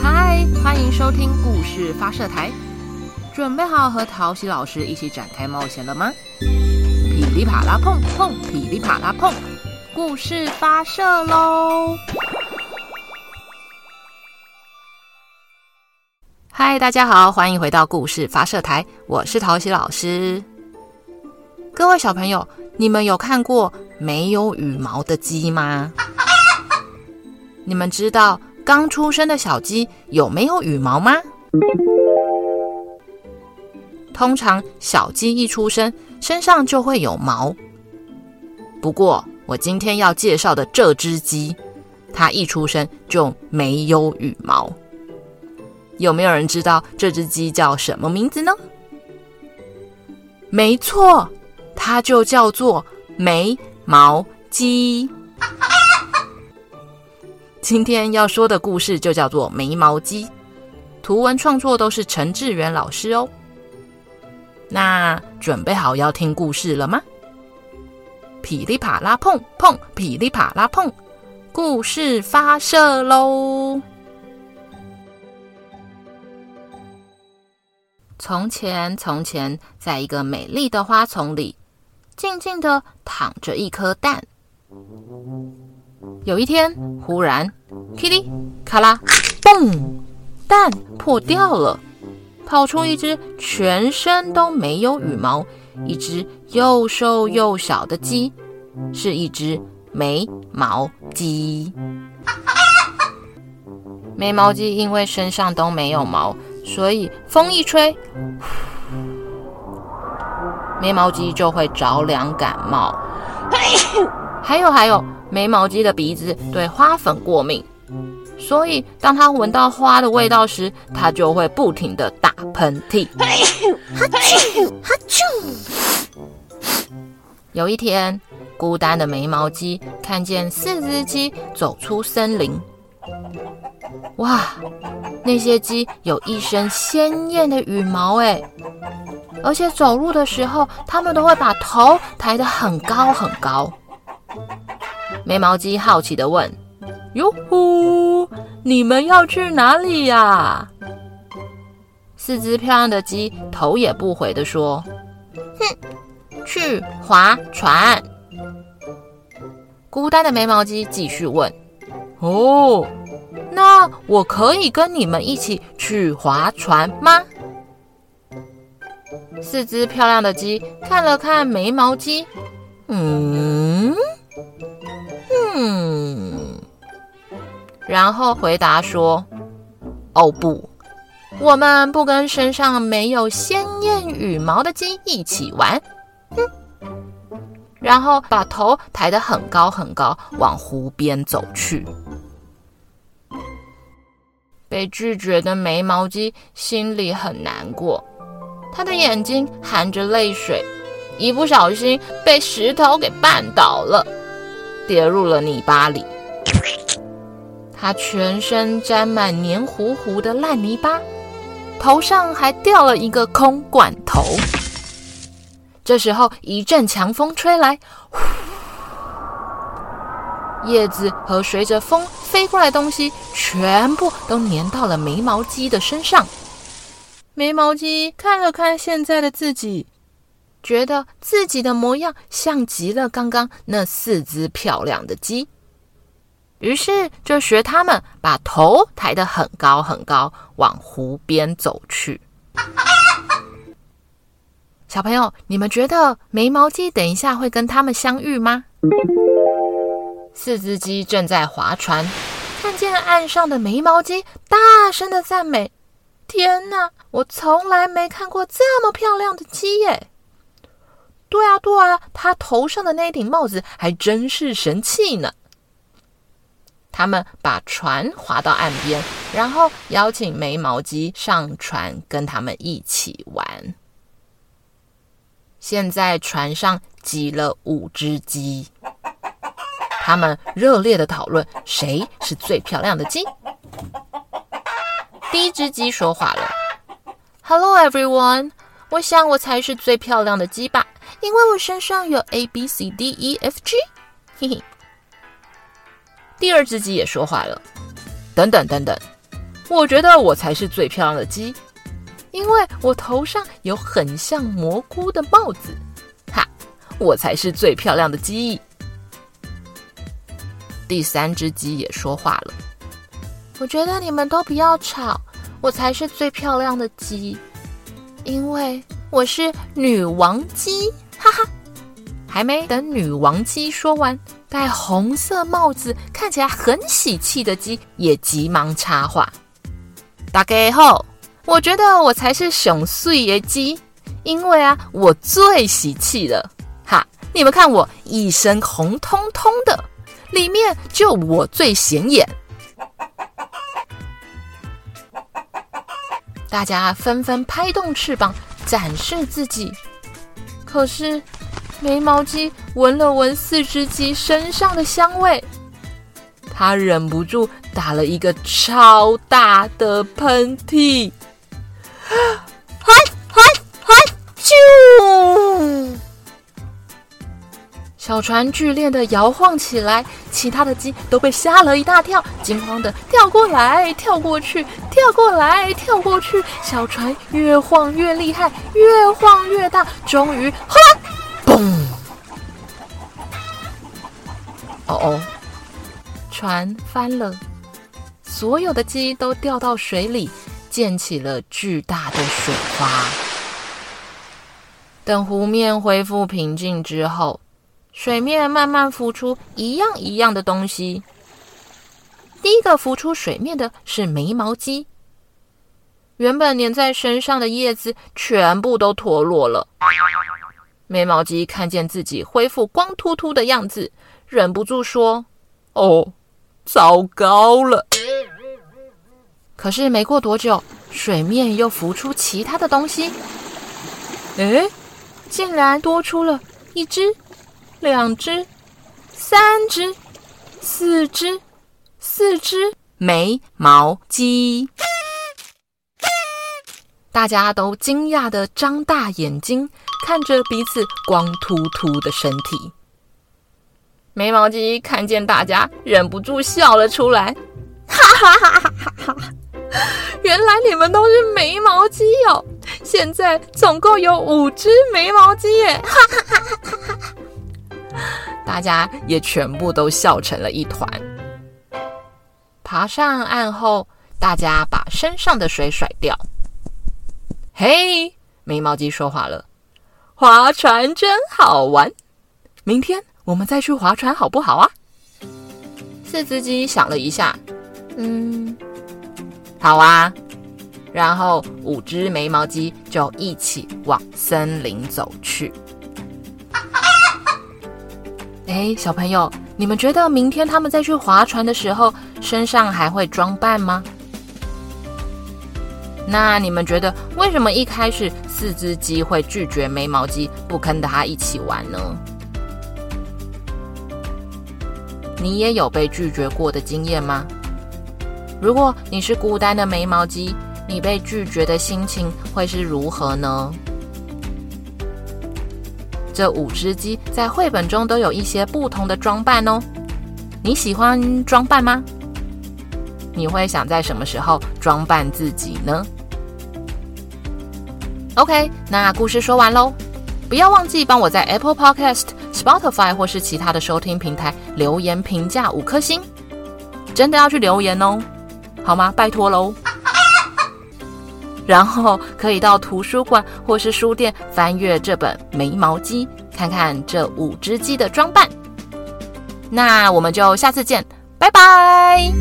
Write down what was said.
嗨，Hi, 歡迎收聽故事發射台，準備好和陶喜老師一起展開冒險了嗎？噼裡啪啦碰碰，噼裡啪啦碰，碰故事發射嘍！嗨，大家好，歡迎回到故事發射台，我是陶喜老師。各位小朋友，你們有看過沒有羽毛的雞嗎？啊啊啊、你們知道？剛出生的小雞有沒有羽毛嗎？通常小雞一出生，身上就會有毛。不過我今天要介紹的這隻雞，它一出生就沒有羽毛。有沒有人知道這隻雞叫什麼名字呢？沒錯，它就叫做沒毛雞。今天要說的故事就叫做《沒毛雞》，圖文創作都是陳致元老師哦。那準備好要聽故事了嗎？噼里啪啦碰碰，噼里啪啦碰，故事發射嘍！從前，從前，在一個美麗的花叢裡，靜靜的躺着一顆蛋。有一天，忽然，噼裡咔啦，嘣，蛋破掉了，跑出一隻全身都沒有羽毛，一隻又瘦又小的雞，是一隻沒毛雞。啊啊啊，沒毛雞因為身上都沒有毛，所以風一吹，沒毛雞就會着涼感冒。 還有還有，沒毛雞的鼻子對花粉過敏，所以當它聞到花的味道時，它就會不停的打噴嚏。哈啾，哈啾。有一天，孤單的沒毛雞看見四隻雞走出森林。哇，那些雞有一身鮮豔的羽毛誒，而且走路的時候，它們都會把頭抬得很高很高。沒毛雞好奇地問：“喲呼，你們要去哪裡呀？”四只漂亮的雞頭也不回地說：“哼，去划船。”孤單的沒毛雞繼續問：“哦，那我可以跟你們一起去划船嗎？”四只漂亮的雞看了看沒毛雞，嗯。.然後回答說：“哦不，我們不跟身上沒有鮮豔羽毛的雞一起玩。”哼，然後把頭抬得很高很高，往湖邊走去。被拒絕的沒毛雞心裡很難過，他的眼睛含着淚水，一不小心被石頭給絆倒了，跌入了泥巴裡。他全身沾滿黏糊糊的爛泥巴，頭上還掉了一個空罐頭。這時候，一陣強風吹來，葉子和隨着風飛過來的東西全部都粘到了沒毛雞的身上。沒毛雞看了看現在的自己，覺得自己的模樣像極了剛剛那四隻漂亮的雞。於是就學他們，把頭抬得很高很高，往湖邊走去。啊啊啊、小朋友，你們覺得沒毛雞等一下會跟他們相遇嗎？四隻雞正在划船，看見岸上的沒毛雞，大聲的讚美：“天哪，我從來沒看過這麼漂亮的雞耶、欸！”對啊，對啊，它頭上的那頂帽子還真是神氣呢。他們把船划到岸邊，然後邀請沒毛雞上船跟他們一起玩。現在船上擠了五只雞，他們熱烈地討論誰是最漂亮的雞。第一只雞說話了：“Hello everyone，我想我才是最漂亮的雞吧，因為我身上有 A B C D E F G。”嘿嘿。第二隻雞也說話了，等等等等，我覺得我才是最漂亮的雞，因為我頭上有很像蘑菇的帽子，哈，我才是最漂亮的雞。第三隻雞也說話了，我覺得你們都不要吵，我才是最漂亮的雞，因為我是女王雞，哈哈。還沒等女王雞說完。戴紅色帽子，看起來很喜氣的雞也急忙插話：“大家好，我覺得我才是熊樹爺雞，因為啊，我最喜氣了。哈，你們看我一身紅彤彤的，裡面就我最顯眼。”大家紛紛拍動翅膀展示自己，可是。沒毛雞聞了聞四只雞身上的香味，他忍不住打了一個超大的噴嚏，小船劇烈的搖晃起來，其他的雞都被嚇了一大跳，驚慌的跳過來，跳過去，跳過來，跳過去。小船越晃越厲害，越晃越大，終於，嘩哦，oh, 船翻了，所有的雞都掉到水裡，濺起了巨大的水花。等湖面恢復平靜之後，水面慢慢浮出一樣一樣的東西。第一個浮出水面的是沒毛雞，原本粘在身上的葉子全部都脫落了。沒毛雞看見自己恢復光禿禿的樣子。忍不住說：“哦，糟糕了！”可是沒過多久，水面又浮出其他的東西。哎，竟然多出了一隻、兩隻、三隻、四隻、四隻沒毛雞！大家都驚訝地張大眼睛，看着彼此光禿禿的身體。沒毛雞看見大家，忍不住笑了出來，哈哈哈哈哈哈！原來你們都是沒毛雞喲！現在總共有五隻沒毛雞耶，哈哈哈哈哈哈！大家也全部都笑成了一團。爬上岸後，大家把身上的水甩掉。嘿，沒毛雞說話了：“划船真好玩，明天，”我們再去划船好不好啊？四隻雞想了一下，嗯，好啊。然後五隻沒毛雞就一起往森林走去。哎、啊啊啊，小朋友，你們覺得明天他們再去划船的時候，身上還會裝扮嗎？那你們覺得為什麼一開始四隻雞會拒絕沒毛雞，不跟他一起玩呢？你也有被拒絕過的經驗嗎？如果你是孤單的沒毛雞，你被拒絕的心情會是如何呢？這五只雞在繪本中都有一些不同的裝扮哦。你喜歡裝扮嗎？你會想在什麼時候裝扮自己呢？OK，那故事說完嘍，不要忘記幫我在 Apple Podcast。Spotify 或是其他的收聽平台留言評價五顆星，真的要去留言哦，好嗎？拜託嘍。啊啊啊、然後可以到圖書館或是書店翻閱這本《沒毛雞》，看看這五隻雞的裝扮。那我們就下次見，拜拜。